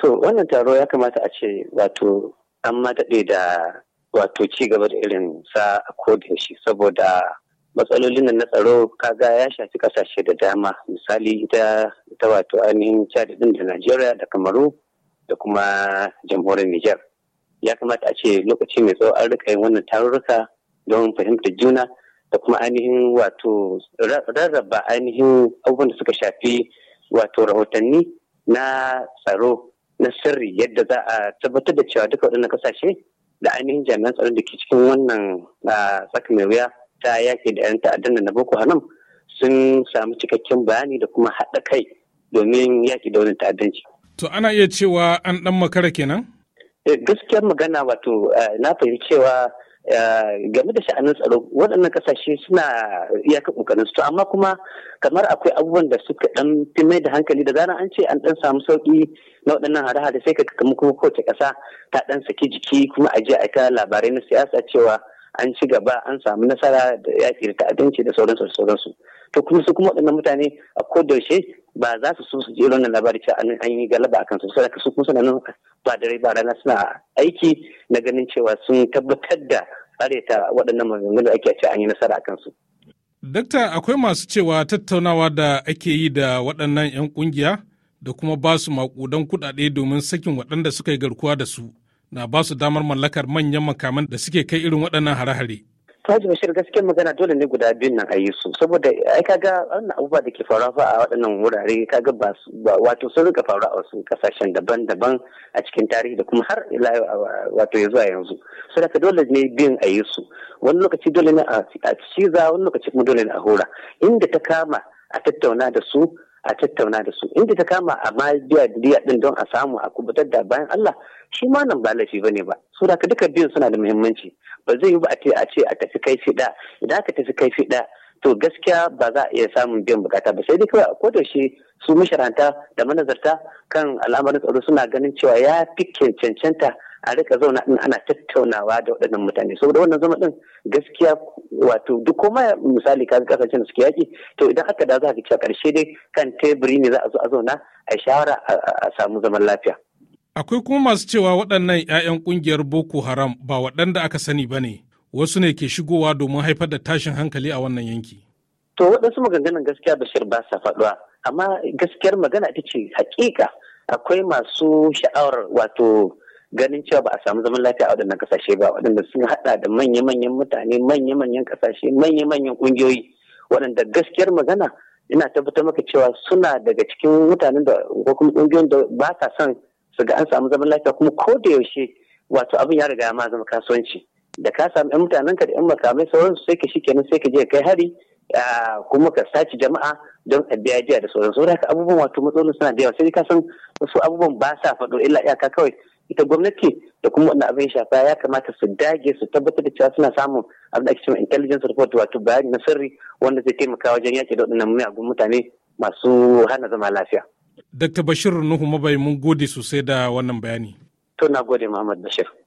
To wannan taro ya kamata a ce wato an ma daɗe da wato ci gaba da irin sa a shi saboda matsalolin da na tsaro kaga ya shafi kasashe da dama misali ita ta wato ainihin chad din da Najeriya da Kamaru da kuma jamhuriyar Nijar. Ya kamata a ce lokaci mai tsawo an rika yin wannan tarurruka don fahimtar juna da kuma ainihin wato rarraba ainihin abubuwan da suka shafi wato rahotanni na tsaro na sirri yadda za a tabbatar da cewa duka waɗannan kasashe da ainihin jami'an tsaron da ke cikin wannan tsakin mai wuya ta yaƙi da 'yan ta'addan da na boko haram sun samu cikakken bayani da kuma haɗa kai domin yaƙi da wani ta'addanci. To ana iya cewa an ɗan makara kenan? Eh, gaskiyar magana wato eh, na fahimci cewa Eh, game da sha'anin tsaro waɗannan kasashe suna iyaka kokarin su amma kuma kamar akwai abubuwan da suka ɗan fi mai da hankali da zana an ce an ɗan samu sauƙi na waɗannan hare-hare sai ka kama kuma kowace ƙasa ta ɗan saki jiki kuma a ji aika labarai na siyasa cewa an ci gaba an samu nasara da yaƙi da ta'addanci da sauransu da sauransu to kuma su kuma waɗannan mutane a kodaushe ba za su so su je wannan labari cewa an yi galaba a kansu su kuma suna nan ba rai ba rana suna aiki na ganin cewa sun tabbatar da tsare ta waɗannan maganganu da ake ce an yi nasara a kansu. Dakta akwai masu cewa tattaunawa da ake yi da waɗannan 'yan ƙungiya da kuma ba su maƙudan kuɗaɗe domin sakin waɗanda suka yi garkuwa da su na ba su damar mallakar manyan makaman da suke kai irin waɗannan hare-hare. da Bashir gaskiyar magana dole ne guda biyun nan a yi su saboda ai ka ga wannan abubuwa da ke faruwa fa a waɗannan wurare kaga ba wato sun rika faruwa a wasu kasashen daban-daban a cikin tarihi da kuma har ila wato ya zuwa yanzu so da dole ne biyun a yi su wani lokaci dole ne a ciza wani lokaci kuma dole ne a hura, inda ta kama a tattauna da su a tattauna da su inda ta kama a ma biya diya din don a samu a kubutar da bayan Allah shi ma nan ba laifi bane ba so da duka biyun suna da muhimmanci ba zai yi ba a ce a ce a tafi kai fiɗa idan aka tafi kai fiɗa to gaskiya ba za a iya samun biyan bukata ba sai dai kawai ko da shi su masharanta da manazarta kan al'amarin tsaro suna ganin cewa ya fi cancanta a rika zauna din ana tattaunawa da waɗannan mutane saboda wannan zama din gaskiya wato duk koma misali ka kasashen da suke yaki to idan aka da za ka ci a karshe dai kan teburi ne za a zo a zauna a shawara a samu zaman lafiya. Akwai kuma masu cewa waɗannan 'ya'yan ƙungiyar Boko Haram ba waɗanda aka sani ba ne, wasu ne ke shigowa domin haifar da tashin hankali a wannan yanki. To waɗansu maganganun gaskiya Bashir ba sa faɗuwa, amma gaskiyar magana ita ce hakika akwai masu sha'awar wato ganin cewa ba a samu zaman lafiya a waɗannan kasashe ba waɗanda sun haɗa da manya-manyan mutane manya-manyan kasashe manya-manyan ƙungiyoyi waɗanda gaskiyar magana ina tabbatar maka cewa suna daga cikin mutanen da ko kuma ƙungiyoyin da ba sa son su ga an samu zaman lafiya kuma ko da yaushe wato abin ya riga ya ma zama kasuwanci da ka samu 'yan mutanen ka da 'yan makamai sauransu sai ka shi kenan sai ka je kai hari kuma ka sace jama'a don a biya jiya da sauran saboda haka abubuwan wato matsalolin suna da yawa sai ka san wasu abubuwan ba sa faɗo illa iyaka kawai ita gwamnati da kuma wannan abin shafa ya kamata su dage su tabbatar da cewa suna samun abin da ake cewa intelligence report wato bayani na sirri wanda zai taimaka wajen yaki da waɗannan miyagun mutane masu hana zama lafiya. Dr. Bashir Nuhu Mabai mun gode sosai da wannan bayani. To na gode Muhammad Bashir.